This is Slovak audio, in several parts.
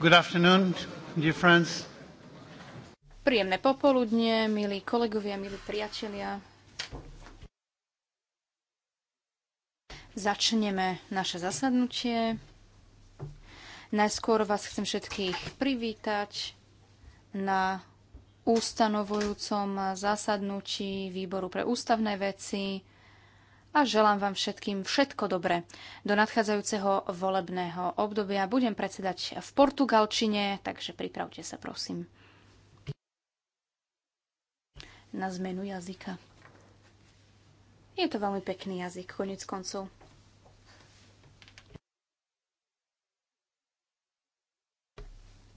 Good afternoon, dear friends. Príjemné popoludnie, milí kolegovia, milí priatelia. Začneme naše zasadnutie. Najskôr vás chcem všetkých privítať na ustanovujúcom zasadnutí Výboru pre ústavné veci a želám vám všetkým všetko dobré. Do nadchádzajúceho volebného obdobia budem predsedať v Portugalčine, takže pripravte sa prosím na zmenu jazyka. Je to veľmi pekný jazyk, konec koncov.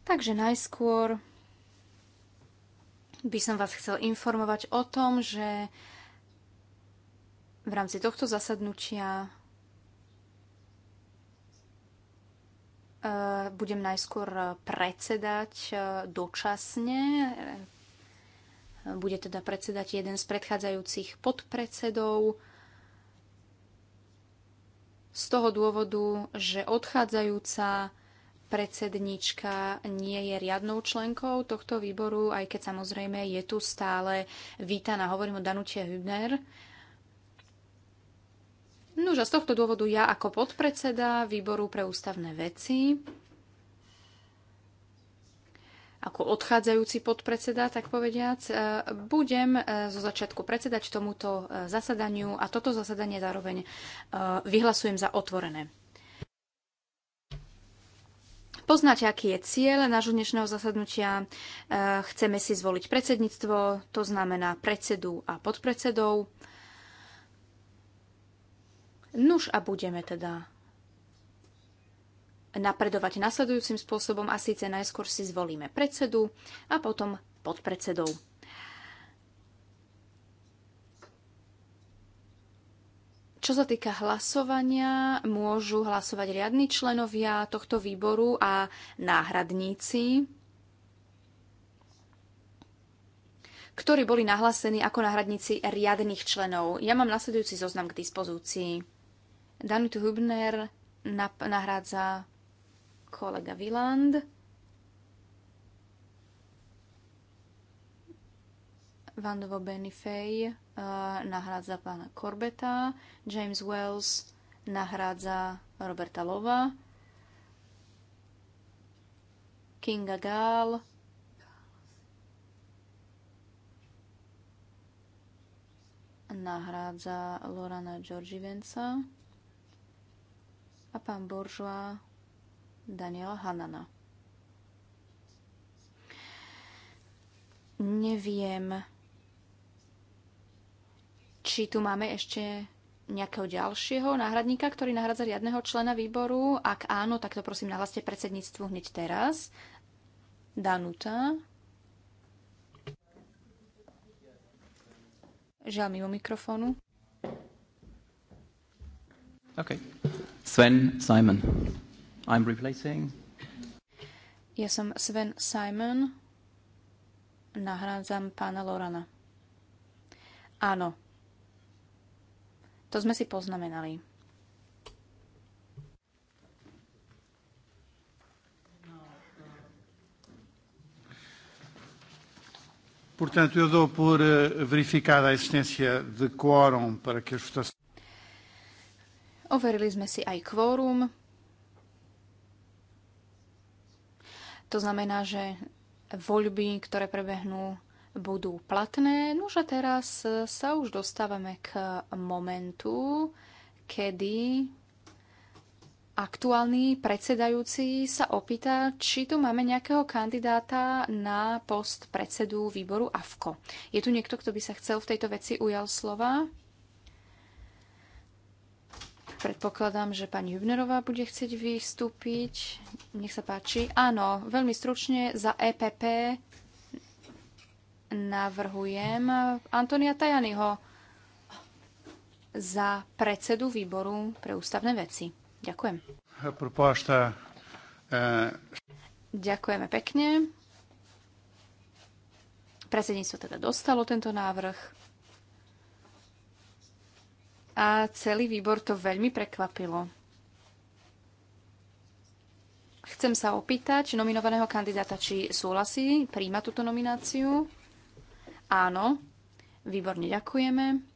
Takže najskôr by som vás chcel informovať o tom, že v rámci tohto zasadnutia e, budem najskôr predsedať e, dočasne. Bude teda predsedať jeden z predchádzajúcich podpredsedov z toho dôvodu, že odchádzajúca predsednička nie je riadnou členkou tohto výboru, aj keď samozrejme je tu stále vítaná. Hovorím o Danute Hübner, No a z tohto dôvodu ja ako podpredseda výboru pre ústavné veci, ako odchádzajúci podpredseda, tak povediac, e, budem e, zo začiatku predsedať tomuto e, zasadaniu a toto zasadanie zároveň vyhlasujem za otvorené. Poznáte, aký je cieľ nášho dnešného zasadnutia. Chceme si zvoliť predsedníctvo, to znamená predsedu a podpredsedov. Nuž a budeme teda napredovať nasledujúcim spôsobom a síce najskôr si zvolíme predsedu a potom podpredsedov. Čo sa týka hlasovania, môžu hlasovať riadni členovia tohto výboru a náhradníci, ktorí boli nahlásení ako náhradníci riadných členov. Ja mám nasledujúci zoznam k dispozícii. Danutu Hubner nahrádza kolega Wieland. Vandovo Benifej uh, nahrádza pána Corbeta, James Wells nahrádza Roberta Lova, Kinga Gall nahrádza Lorana Georgivenca a pán Buržoa Daniela Hanana. Neviem, či tu máme ešte nejakého ďalšieho náhradníka, ktorý nahradza riadneho člena výboru? Ak áno, tak to prosím nahlaste predsedníctvu hneď teraz. Danuta. Žiaľ mimo mikrofónu. Okay. Sven Simon. I'm replacing. Ja som Sven Simon. Nahrádzam pána Lorana. Áno. To sme si poznamenali. Portanto, eu dou por eh, verificada a existência de quórum para que as votações. Overili sme si aj kvórum. To znamená, že voľby, ktoré prebehnú, budú platné. No a teraz sa už dostávame k momentu, kedy aktuálny predsedajúci sa opýta, či tu máme nejakého kandidáta na post predsedu výboru AFKO. Je tu niekto, kto by sa chcel v tejto veci ujal slova? Predpokladám, že pani Hübnerová bude chcieť vystúpiť. Nech sa páči. Áno, veľmi stručne za EPP navrhujem Antonia Tajaniho za predsedu výboru pre ústavné veci. Ďakujem. E, Ďakujeme pekne. Predsedníctvo teda dostalo tento návrh a celý výbor to veľmi prekvapilo. Chcem sa opýtať nominovaného kandidáta, či súhlasí, príjma túto nomináciu. Áno, výborne ďakujeme.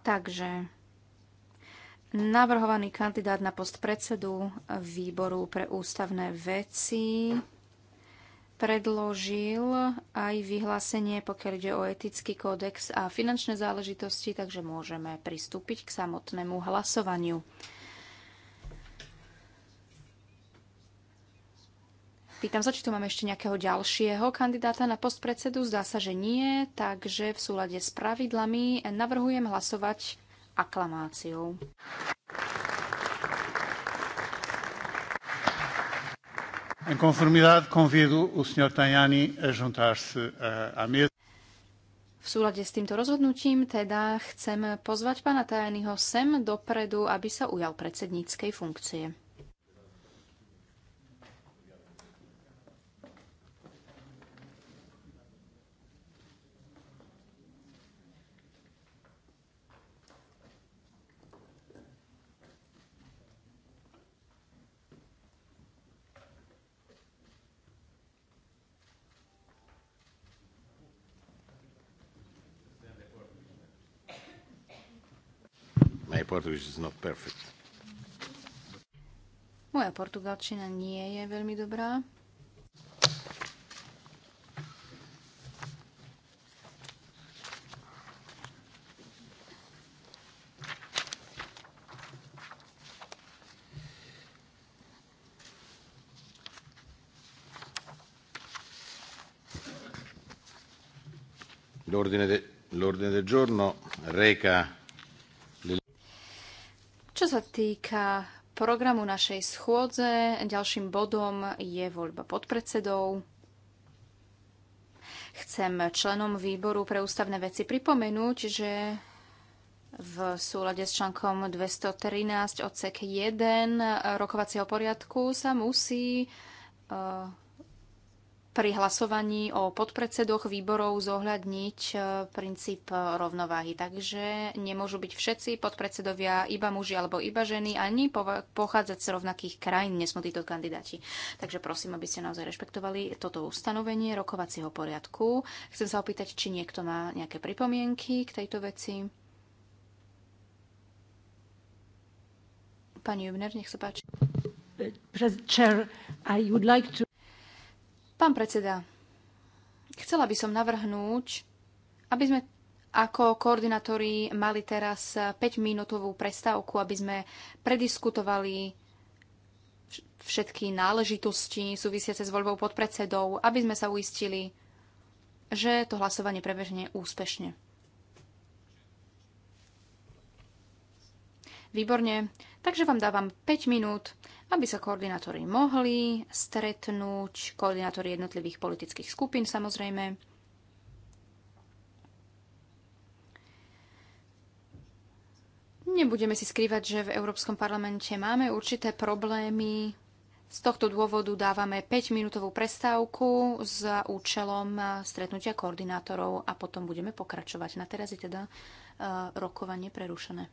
Takže navrhovaný kandidát na post predsedu výboru pre ústavné veci predložil aj vyhlásenie, pokiaľ ide o etický kódex a finančné záležitosti, takže môžeme pristúpiť k samotnému hlasovaniu. Pýtam sa, či tu máme ešte nejakého ďalšieho kandidáta na post predsedu. Zdá sa, že nie, takže v súlade s pravidlami navrhujem hlasovať aklamáciou. Em conformidade, convido o Sr. Tajani a juntar-se eh, à mesa. V súlade s týmto rozhodnutím teda chcem pozvať pána Tajaniho sem dopredu, aby sa ujal predsedníckej funkcie. report is not perfect. Moja portugalčina nie je veľmi dobrá. L'ordine de, del giorno reca sa týka programu našej schôdze, ďalším bodom je voľba podpredsedov. Chcem členom výboru pre ústavné veci pripomenúť, že v súlade s článkom 213 odsek 1 rokovacieho poriadku sa musí eh, pri hlasovaní o podpredsedoch výborov zohľadniť e, princíp e, rovnováhy. Takže nemôžu byť všetci podpredsedovia iba muži alebo iba ženy, ani pochádzať z rovnakých krajín, nesmú títo kandidáti. Takže prosím, aby ste naozaj rešpektovali toto ustanovenie rokovacieho poriadku. Chcem sa opýtať, či niekto má nejaké pripomienky k tejto veci. Pani Jubner, nech sa páči. Chair, I would like to... Pán predseda, chcela by som navrhnúť, aby sme ako koordinátori mali teraz 5-minútovú prestávku, aby sme prediskutovali všetky náležitosti súvisiace s voľbou podpredsedov, aby sme sa uistili, že to hlasovanie prebežne úspešne. Výborne, takže vám dávam 5 minút aby sa koordinátori mohli stretnúť, koordinátori jednotlivých politických skupín samozrejme. Nebudeme si skrývať, že v Európskom parlamente máme určité problémy. Z tohto dôvodu dávame 5-minútovú prestávku s účelom stretnutia koordinátorov a potom budeme pokračovať. Na teraz je teda eh, rokovanie prerušené.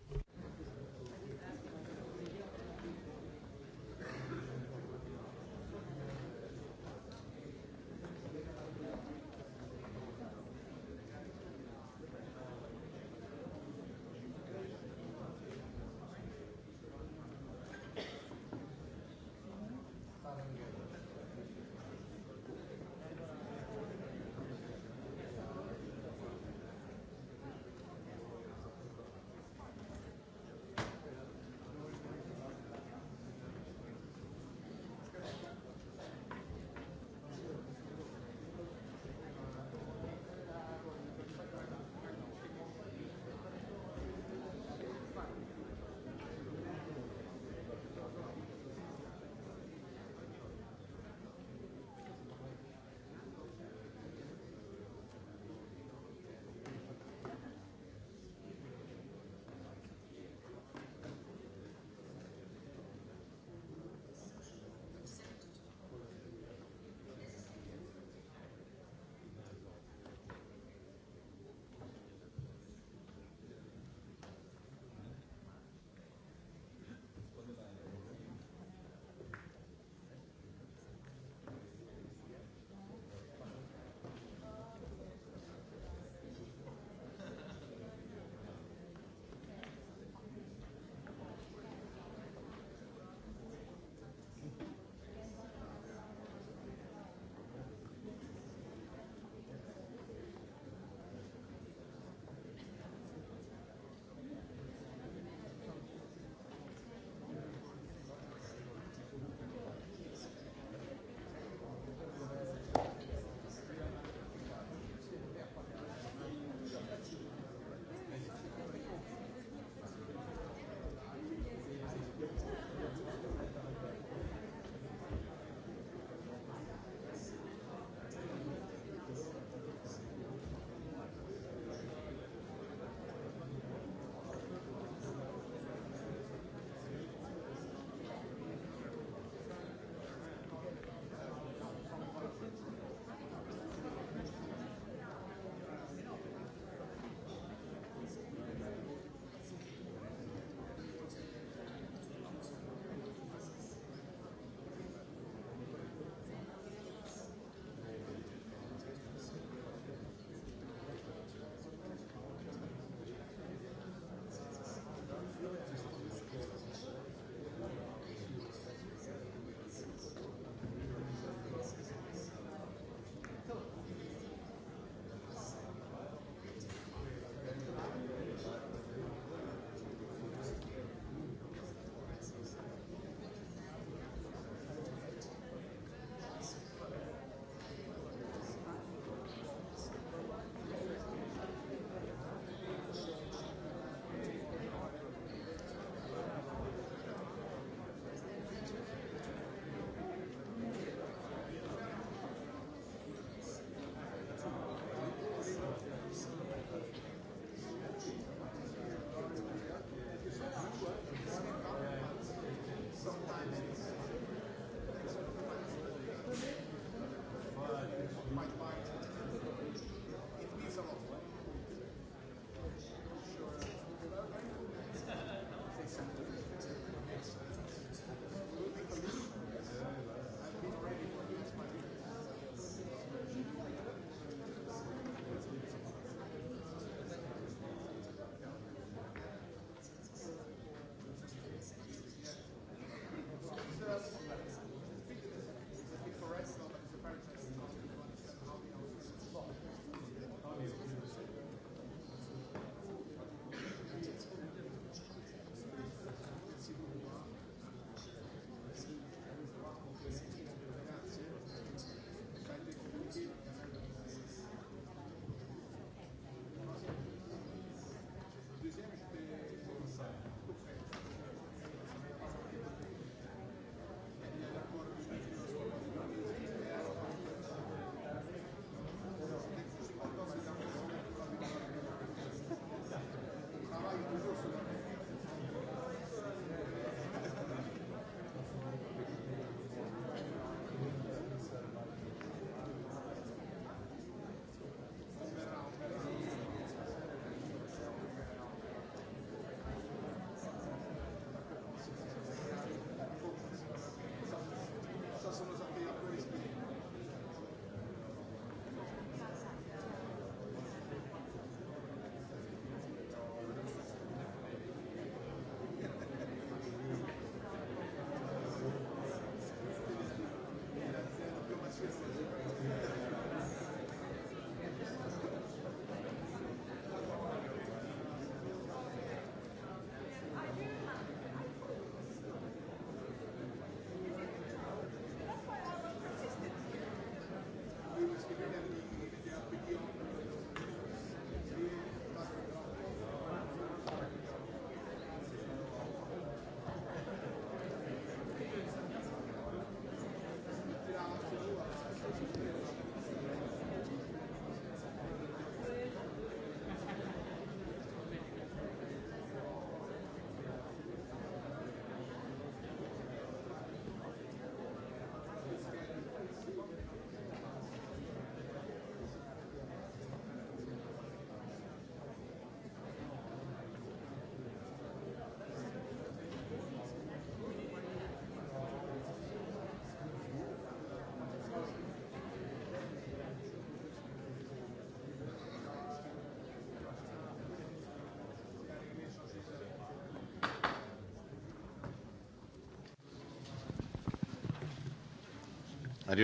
Uh,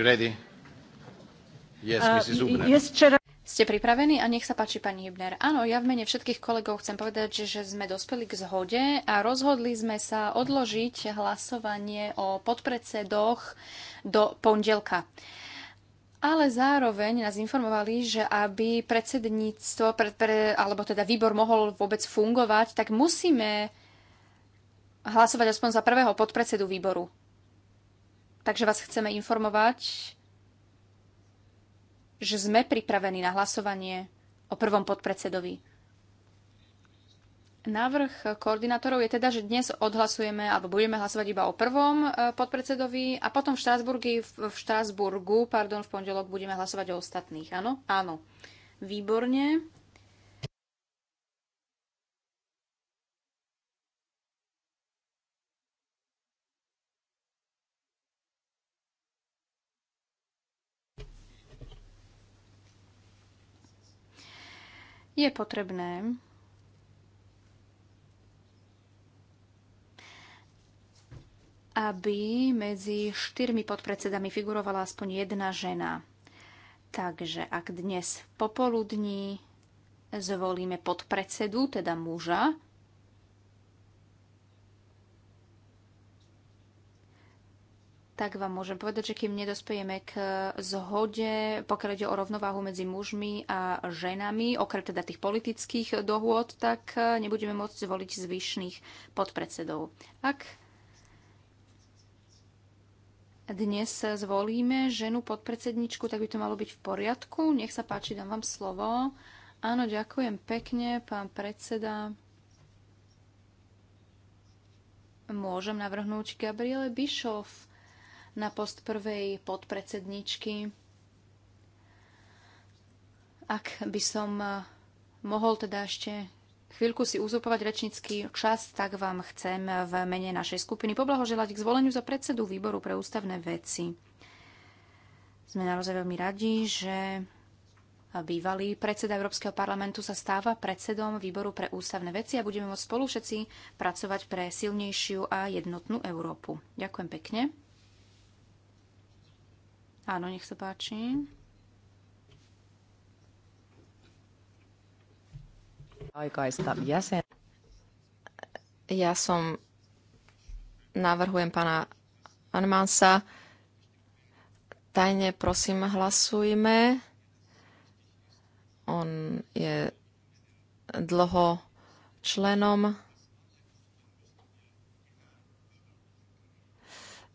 Ste pripravení? A nech sa páči, pani Hübner. Áno, ja v mene všetkých kolegov chcem povedať, že sme dospeli k zhode a rozhodli sme sa odložiť hlasovanie o podpredsedoch do pondelka. Ale zároveň nás informovali, že aby predsedníctvo, pre, pre, alebo teda výbor mohol vôbec fungovať, tak musíme hlasovať aspoň za prvého podpredsedu výboru. Takže vás chceme informovať, že sme pripravení na hlasovanie o prvom podpredsedovi. Návrh koordinátorov je teda, že dnes odhlasujeme alebo budeme hlasovať iba o prvom e, podpredsedovi a potom v, Štrásburgu, v Štrásburgu pardon, v pondelok budeme hlasovať o ostatných. Áno? Áno. Výborne. je potrebné aby medzi štyrmi podpredsedami figurovala aspoň jedna žena. Takže ak dnes popoludní zvolíme podpredsedu, teda muža, tak vám môžem povedať, že kým nedospejeme k zhode, pokiaľ ide o rovnováhu medzi mužmi a ženami, okrem teda tých politických dohôd, tak eh, nebudeme môcť zvoliť zvyšných podpredsedov. Ak dnes zvolíme ženu podpredsedničku, tak by to malo byť v poriadku. Nech sa páči, dám vám slovo. Áno, ďakujem pekne, pán predseda. Môžem navrhnúť Gabriele Bischoff na post prvej podpredsedničky. Ak by som e, mohol teda ešte chvíľku si uzupovať rečnícky čas, tak vám chcem v mene našej skupiny poblahoželať k zvoleniu za predsedu výboru pre ústavné veci. Sme naozaj veľmi radi, že bývalý predseda Európskeho parlamentu sa stáva predsedom výboru pre ústavné veci a budeme môcť spolu všetci pracovať pre silnejšiu a jednotnú Európu. Ďakujem pekne. Áno, nech sa páči. Ja som navrhujem pána Anmansa. Tajne prosím hlasujme. On je dlho členom.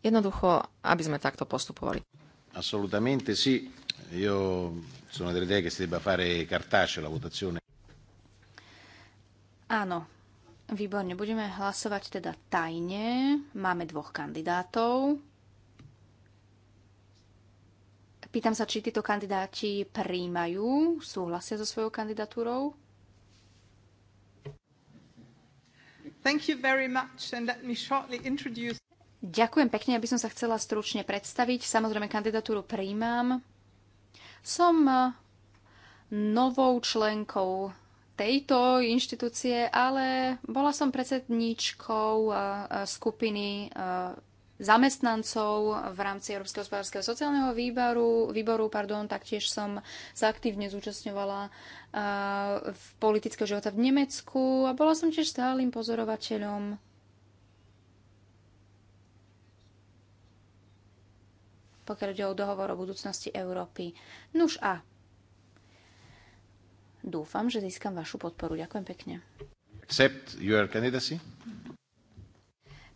Jednoducho, aby sme takto postupovali. Assolutamente sì. Io sono dell'idea che si debba fare cartaceo la votazione. Áno, výborne. Budeme hlasovať teda tajne. Máme dvoch kandidátov. Pýtam sa, či títo kandidáti príjmajú, súhlasia so svojou kandidatúrou. Thank you very much and let me shortly introduce Ďakujem pekne, aby som sa chcela stručne predstaviť. Samozrejme, kandidatúru príjmam. Som e, novou členkou tejto inštitúcie, ale bola som predsedníčkou e, e, skupiny zamestnancov v rámci Európskeho hospodárskeho sociálneho výboru, výboru pardon, taktiež som sa aktívne zúčastňovala v politického života v Nemecku a bola som tiež stálym pozorovateľom pokiaľ ide o dohovor o budúcnosti Európy. Nuž a dúfam, že získam vašu podporu. Ďakujem pekne. Accept your candidacy?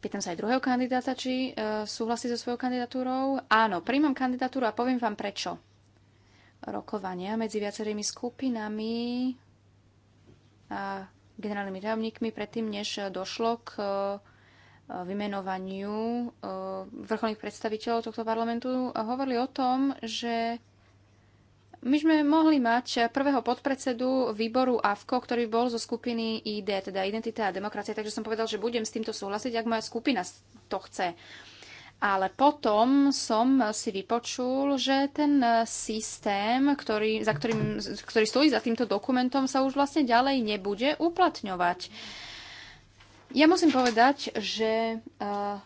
Pýtam sa aj druhého kandidáta, či e, súhlasí so svojou kandidatúrou. Áno, príjmam kandidatúru a poviem vám prečo. Rokovania medzi viacerými skupinami a generálnymi tajomníkmi predtým, než došlo k e, Eh, vymenovaniu eh, vrcholných predstaviteľov tohto parlamentu hovorili o tom, že my sme mohli mať prvého podpredsedu výboru AVKO, ktorý bol zo skupiny ID, teda Identita a demokracia, takže som povedal, že budem s týmto súhlasiť, ak moja skupina to chce. Ale potom som si vypočul, že ten eh, systém, ktorý, za ktorým, ktorý stojí za týmto dokumentom, sa už vlastne ďalej nebude uplatňovať. Mm. Ja musím povedať, že uh,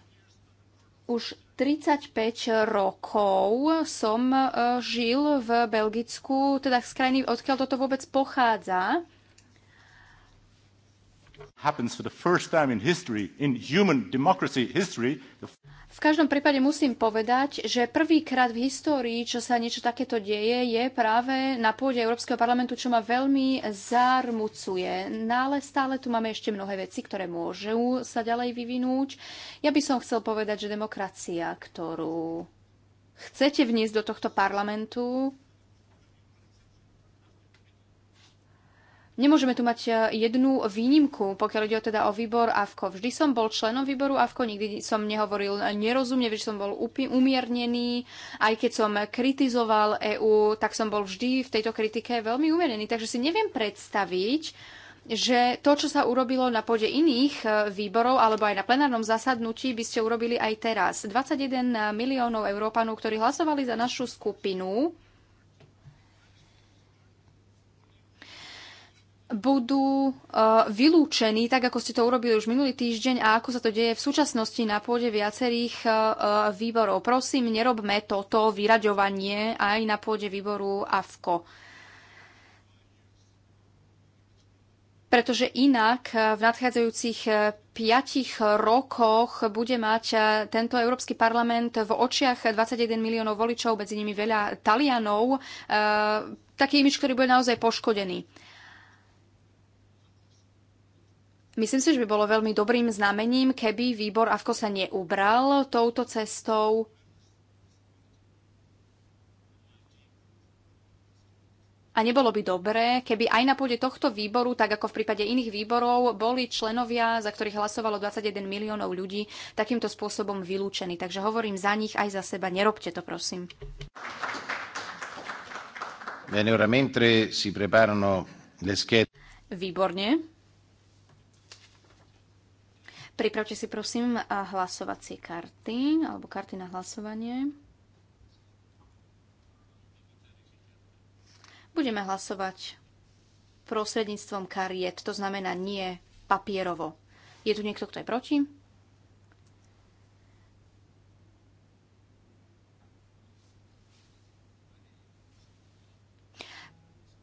už 35 rokov som uh, žil v Belgicku, teda z krajiny, odkiaľ toto vôbec pochádza. Happens for the first time in history, in human democracy history. The... V každom prípade musím povedať, že prvýkrát v histórii, čo sa niečo takéto deje, je práve na pôde Európskeho parlamentu, čo ma veľmi zarmucuje. No ale stále tu máme ešte mnohé veci, ktoré môžu sa ďalej vyvinúť. Ja by som chcel povedať, že demokracia, ktorú chcete vniesť do tohto parlamentu, Nemôžeme tu mať eh, jednu výnimku, pokiaľ ide teda o výbor AVKO. Vždy som bol členom výboru AVKO, nikdy som nehovoril nerozumne, vždy som bol umiernený. Aj keď som kritizoval EÚ, tak som bol vždy v tejto kritike veľmi umiernený. Takže si neviem predstaviť, že to, čo sa urobilo na pôde iných eh, výborov alebo aj na plenárnom zasadnutí, by ste urobili aj teraz. 21 eh, miliónov Európanov, ktorí hlasovali za našu skupinu, budú e, vylúčení, tak ako ste to urobili už minulý týždeň a ako sa to deje v súčasnosti na pôde viacerých e, e, výborov. Prosím, nerobme toto vyraďovanie aj na pôde výboru AFKO. Pretože inak v nadchádzajúcich piatich rokoch bude mať tento Európsky parlament v očiach 21 miliónov voličov, medzi nimi veľa Talianov, taký imič, ktorý bude naozaj poškodený. Myslím si, že by bolo veľmi dobrým znamením, keby výbor Avko sa neubral touto cestou. A nebolo by dobré, keby aj na pôde tohto výboru, tak ako v prípade iných výborov, boli členovia, za ktorých hlasovalo 21 miliónov ľudí, takýmto spôsobom vylúčení. Takže hovorím za nich aj za seba. Nerobte to, prosím. Výborne. Pripravte si prosím hlasovacie karty alebo karty na hlasovanie. Budeme hlasovať prostredníctvom kariet, to znamená nie papierovo. Je tu niekto, kto je proti?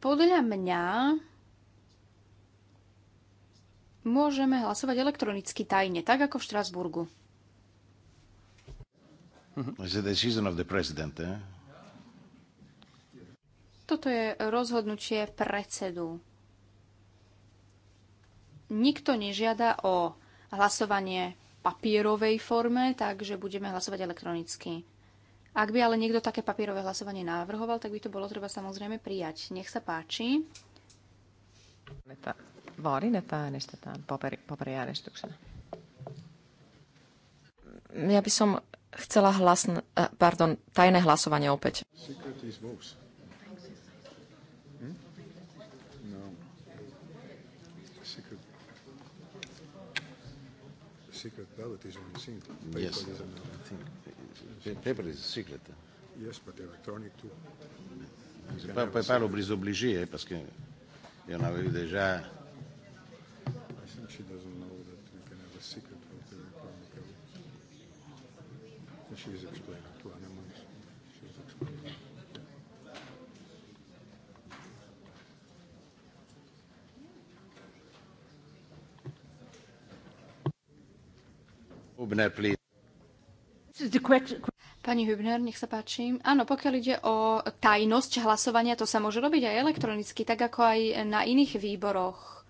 Podľa mňa Môžeme hlasovať elektronicky tajne, tak ako v Štrasburgu. Mhm. Eh? Toto je rozhodnutie predsedu. Nikto nežiada o hlasovanie papierovej forme, takže budeme hlasovať elektronicky. Ak by ale niekto také papierové hlasovanie navrhoval, tak by to bolo treba samozrejme prijať. Nech sa páči vaadin, että äänestetään paperi, paperiäänestyksenä. Ja by som chcela hlas, eh, pardon, tajné hlasovanie opäť. Hm? No. secret ballot is only single. Paper yes, is another. I think yes. paper is secret. Yes, but electronic too. Pas, pas, pas l'obligé, eh, parce que on avait déjà she doesn't know that we can have a secret And to animals. Pani Hübner, nech sa páči. Áno, pokiaľ ide o tajnosť hlasovania, to sa môže robiť aj elektronicky, tak ako aj na iných výboroch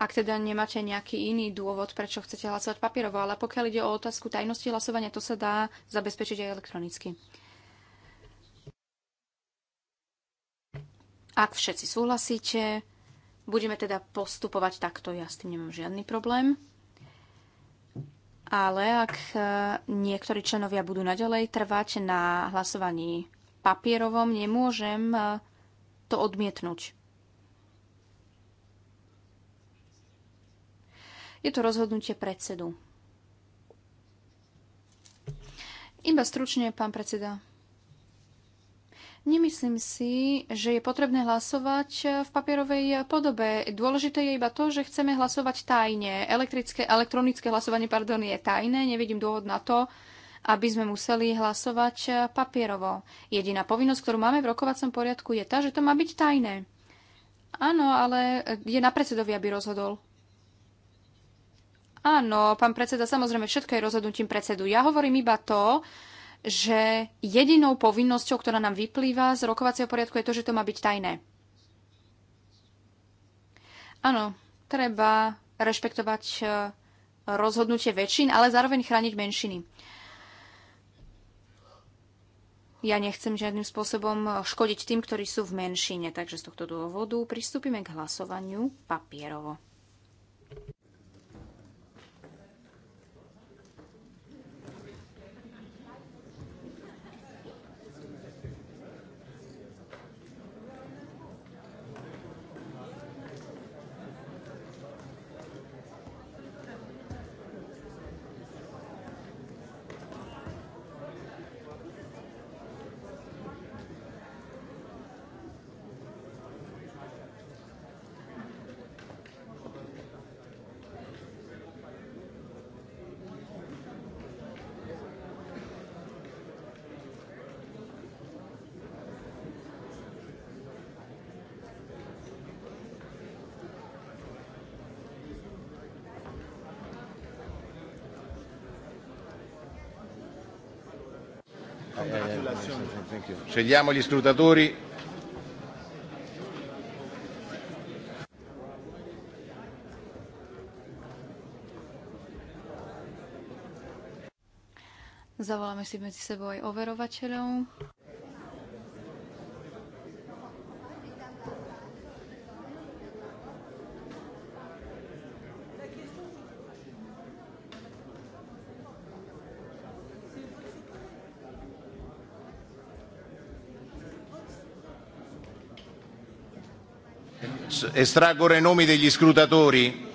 ak teda nemáte nejaký iný dôvod, prečo chcete hlasovať papierovo, ale pokiaľ ide o otázku tajnosti hlasovania, to sa dá zabezpečiť aj elektronicky. Ak všetci súhlasíte, budeme teda postupovať takto, ja s tým nemám žiadny problém. Ale ak e, niektorí členovia budú naďalej trvať na hlasovaní papierovom, nemôžem e, to odmietnúť. Je to rozhodnutie predsedu. Iba stručne, pán predseda. Nemyslím si, že je potrebné hlasovať v papierovej podobe. Dôležité je iba to, že chceme hlasovať tajne. Elektrické, elektronické hlasovanie pardon, je tajné. Nevidím dôvod na to, aby sme museli hlasovať papierovo. Jediná povinnosť, ktorú máme v rokovacom poriadku, je tá, že to má byť tajné. Áno, ale je na predsedovi, aby rozhodol. Áno, pán predseda, samozrejme, všetko je rozhodnutím predsedu. Ja hovorím iba to, že jedinou povinnosťou, ktorá nám vyplýva z rokovacieho poriadku, je to, že to má byť tajné. Áno, treba rešpektovať e, rozhodnutie väčšín, ale zároveň chrániť menšiny. Ja nechcem žiadnym spôsobom e, škodiť tým, ktorí sú v menšine, takže z tohto dôvodu pristúpime k hlasovaniu papierovo. Scegliamo gli scrutatori. Zavoláme si medzi sebou aj overovateľov. estraggo ora i nomi degli scrutatori.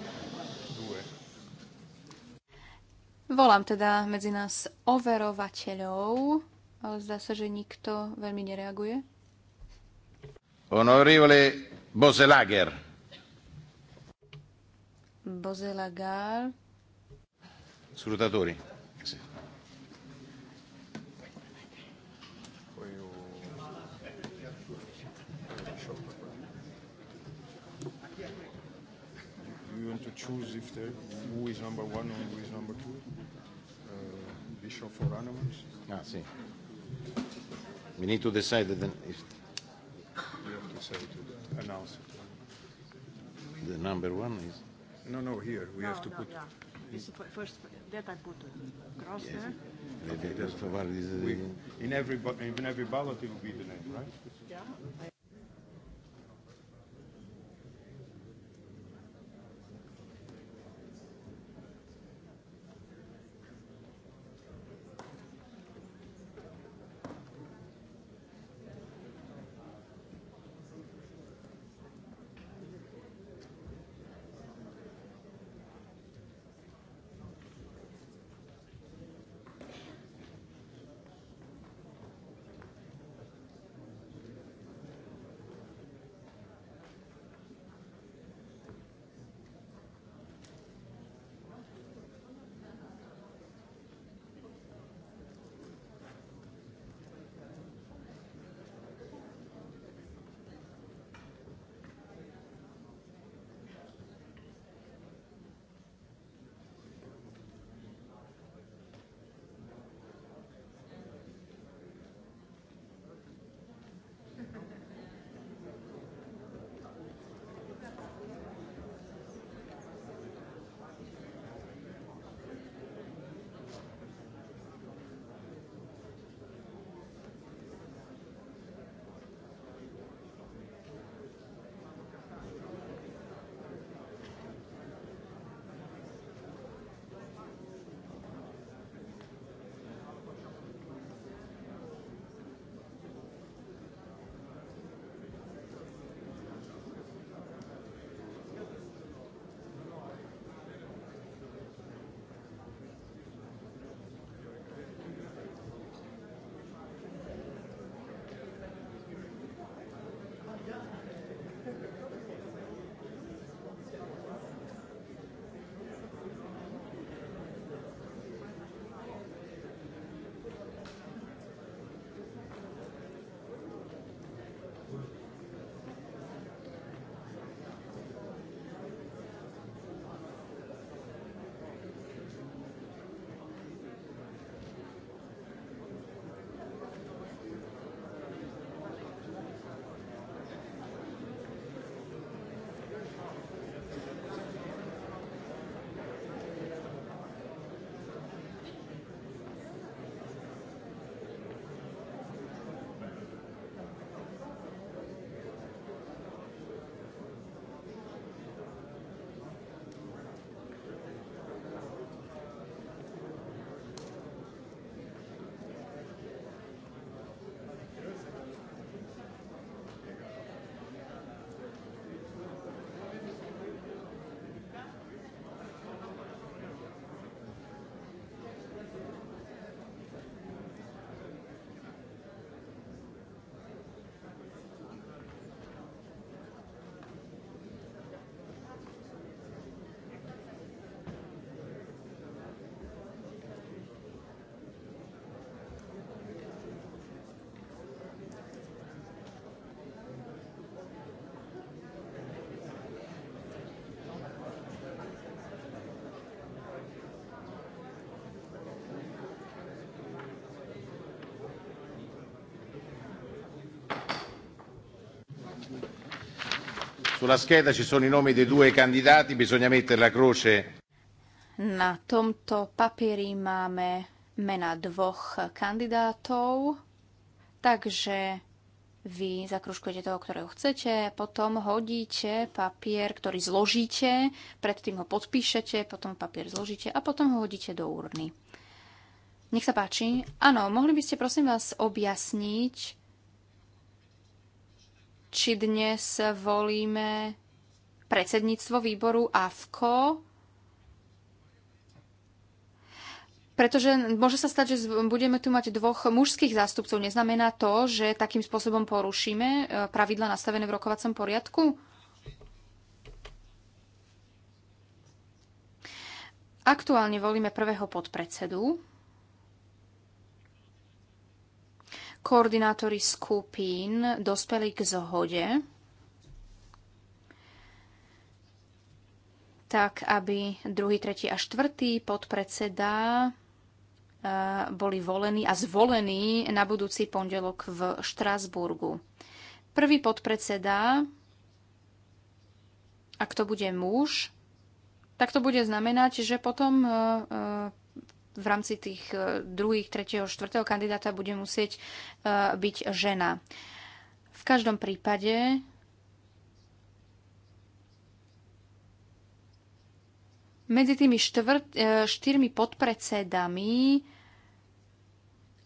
Volám teda medzi nás overovateľov, ale zdá sa, že nikto veľmi nereaguje. Honorevole Boselager. Boselager. Scrutatori. choose if they, who is number one and who is number two? Uh, bishop for animals? Ah, sì. We need to decide then if... You have to say to announce it. The number one is... No, no, here. We no, have to no, put... Yeah. first that I put cross yes. there. Okay, we, in, every, in every ballot it will be the name, right? Yeah. Sulla scheda ci sono i nomi dei due candidati, bisogna mettere la croce. Na tomto papieri máme mena dvoch kandidátov, takže vy zakružkujete toho, ktorého chcete, potom hodíte papier, ktorý zložíte, predtým ho podpíšete, potom papier zložíte a potom ho hodíte do urny. Nech sa páči. Áno, mohli by ste prosím vás objasniť, či dnes volíme predsedníctvo výboru AFKO, pretože môže sa stať, že budeme tu mať dvoch mužských zástupcov. Neznamená to, že takým spôsobom porušíme e, pravidla nastavené v rokovacom poriadku? Aktuálne volíme prvého podpredsedu koordinátori skupín dospeli k zhode, tak aby druhý, tretí a štvrtý podpredseda eh, boli volení a zvolení na budúci pondelok v Štrásburgu. Prvý podpredseda, ak to bude muž, tak to bude znamenať, že potom eh, eh, v rámci tých e, druhých, tretieho, štvrtého kandidáta bude musieť e, byť žena. V každom prípade medzi tými štvrt, e, štyrmi podpredsedami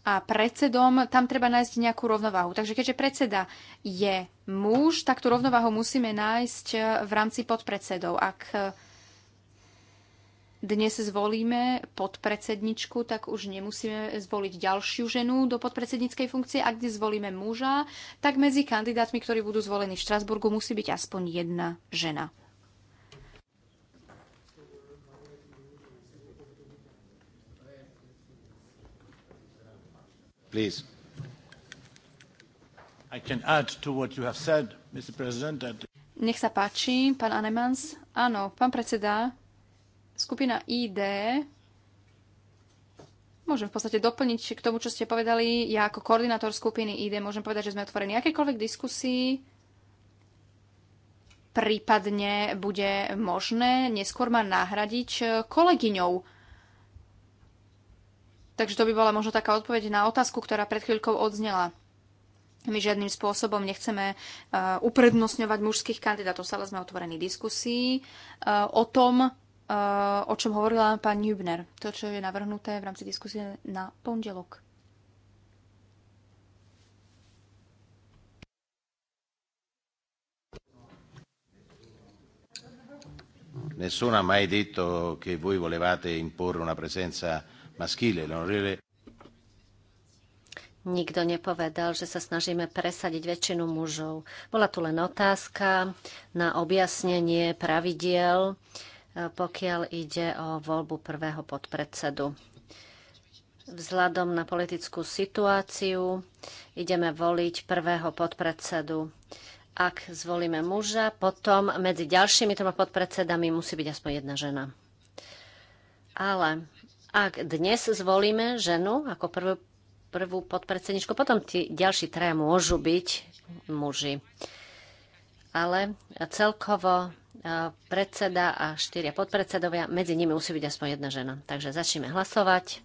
a predsedom, tam treba nájsť nejakú rovnováhu. Takže keďže predseda je muž, tak tú rovnováhu musíme nájsť v rámci podpredsedov. Ak dnes zvolíme podpredsedničku, tak už nemusíme zvoliť ďalšiu ženu do podpredsedníckej funkcie. Ak dnes zvolíme muža, tak medzi kandidátmi, ktorí budú zvolení v Štrasburgu, musí byť aspoň jedna žena. Please. I can add to what you have said, Mr. President. That... Nech sa páči, pán Anemans. Áno, pán predseda, Skupina ID Môžem v podstate doplniť k tomu, čo ste povedali. Ja ako koordinátor skupiny ID môžem povedať, že sme otvorení akékoľvek diskusii. Prípadne bude možné neskôr ma nahradiť kolegyňou. Takže to by bola možno taká odpoveď na otázku, ktorá pred chvíľkou odznela. My žiadnym spôsobom nechceme e, uprednostňovať mužských kandidátov, ale sme otvorení diskusii e, o tom, o čom hovorila pán Hübner. To, čo je navrhnuté v rámci diskusie na pondelok. Nessuno ha mai detto che voi volevate imporre una presenza maschile. L'onorevole Nikto nepovedal, že sa snažíme presadiť väčšinu mužov. Bola tu len otázka na objasnenie pravidiel. Uh, pokiaľ ide o voľbu prvého podpredsedu. Vzhľadom na politickú situáciu ideme voliť prvého podpredsedu. Ak zvolíme muža, potom medzi ďalšími troma podpredsedami musí byť aspoň jedna žena. Ale ak dnes zvolíme ženu ako prvú, prvú podpredsedničku, potom tí ďalší traja môžu byť muži. Ale celkovo predseda a štyria podpredsedovia. Medzi nimi musí byť aspoň jedna žena. Takže začneme hlasovať.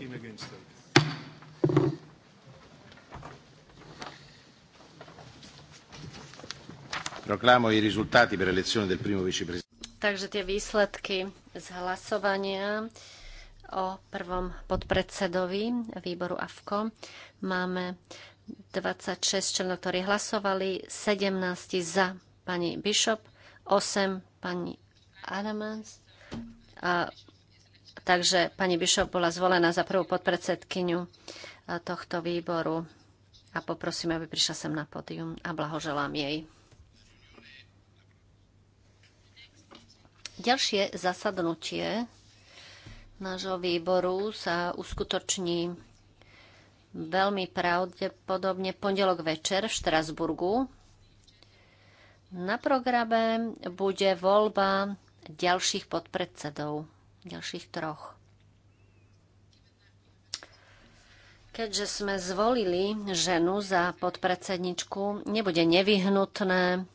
team against them. i risultati per l'elezione del primo Takže tie výsledky z hlasovania o prvom podpredsedovi výboru AFKO. Máme 26 členov, ktorí hlasovali, 17 za pani Bishop, 8 pani Adamans, a Takže pani Bišov bola zvolená za prvú podpredsedkyňu eh, tohto výboru a poprosím, aby prišla sem na pódium a blahoželám jej. Ďalšie zasadnutie nášho výboru sa uskutoční veľmi pravdepodobne pondelok večer v Štrasburgu. Na programe bude voľba ďalších podpredsedov ďalších troch. Keďže sme zvolili ženu za podpredsedničku, nebude nevyhnutné,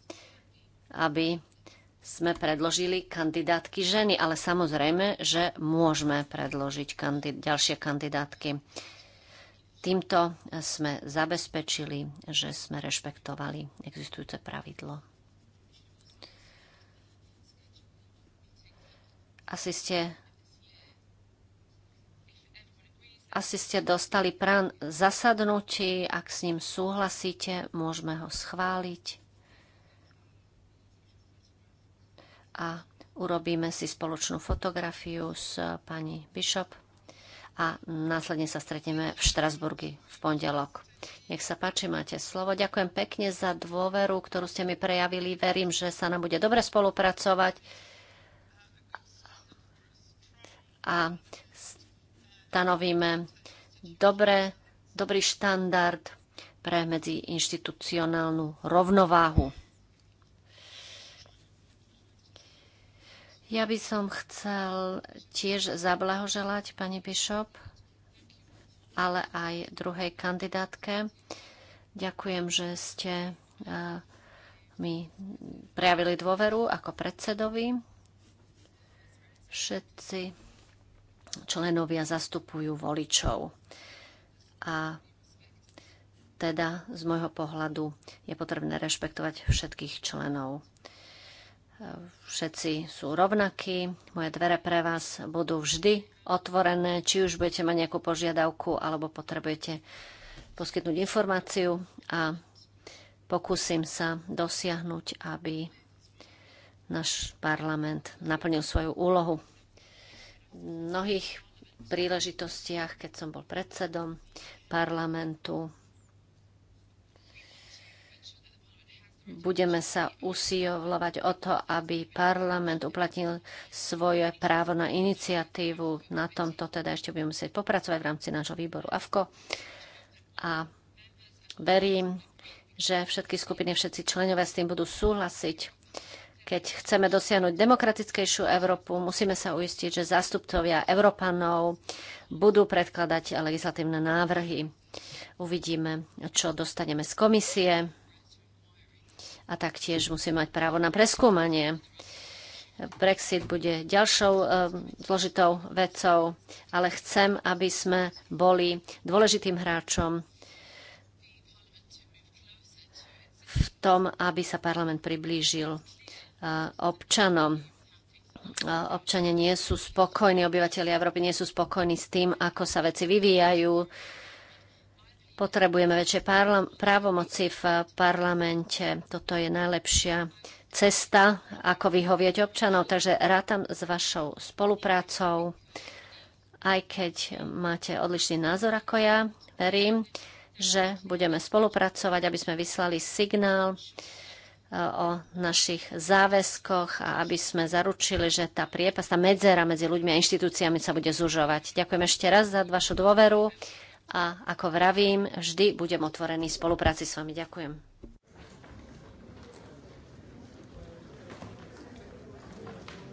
aby sme predložili kandidátky ženy, ale samozrejme, že môžeme predložiť kandid- ďalšie kandidátky. Týmto sme zabezpečili, že sme rešpektovali existujúce pravidlo. Asi ste asi ste dostali prán zasadnutí, ak s ním súhlasíte, môžeme ho schváliť. A urobíme si spoločnú fotografiu s pani Bishop a následne sa stretneme v Štrasburgi v pondelok. Nech sa páči, máte slovo. Ďakujem pekne za dôveru, ktorú ste mi prejavili. Verím, že sa nám bude dobre spolupracovať a stanovíme dobré, dobrý štandard pre medziinštitucionálnu rovnováhu. Ja by som chcel tiež zablahoželať pani Bishop, ale aj druhej kandidátke. Ďakujem, že ste mi prejavili dôveru ako predsedovi. Všetci členovia zastupujú voličov. A teda z môjho pohľadu je potrebné rešpektovať všetkých členov. Všetci sú rovnakí, moje dvere pre vás budú vždy otvorené, či už budete mať nejakú požiadavku alebo potrebujete poskytnúť informáciu a pokúsim sa dosiahnuť, aby náš parlament naplnil svoju úlohu mnohých príležitostiach, keď som bol predsedom parlamentu, budeme sa usilovať o to, aby parlament uplatnil svoje právo na iniciatívu. Na tomto teda ešte budeme musieť popracovať v rámci nášho výboru AFKO. A verím, že všetky skupiny, všetci členovia s tým budú súhlasiť. Keď chceme dosiahnuť demokratickejšiu Európu, musíme sa uistiť, že zástupcovia Európanov budú predkladať legislatívne návrhy. Uvidíme, čo dostaneme z komisie a taktiež musíme mať právo na preskúmanie. Brexit bude ďalšou eh, zložitou vecou, ale chcem, aby sme boli dôležitým hráčom v tom, aby sa parlament priblížil občanom. Občania nie sú spokojní, obyvateľi Európy nie sú spokojní s tým, ako sa veci vyvíjajú. Potrebujeme väčšie právomoci v parlamente. Toto je najlepšia cesta, ako vyhovieť občanov. Takže rátam s vašou spoluprácou, aj keď máte odlišný názor ako ja. Verím, že budeme spolupracovať, aby sme vyslali signál, o našich záväzkoch a aby sme zaručili, že tá priepas, tá medzera medzi ľuďmi a inštitúciami sa bude zužovať. Ďakujem ešte raz za vašu dôveru a ako vravím, vždy budem otvorený spolupráci s vami. Ďakujem.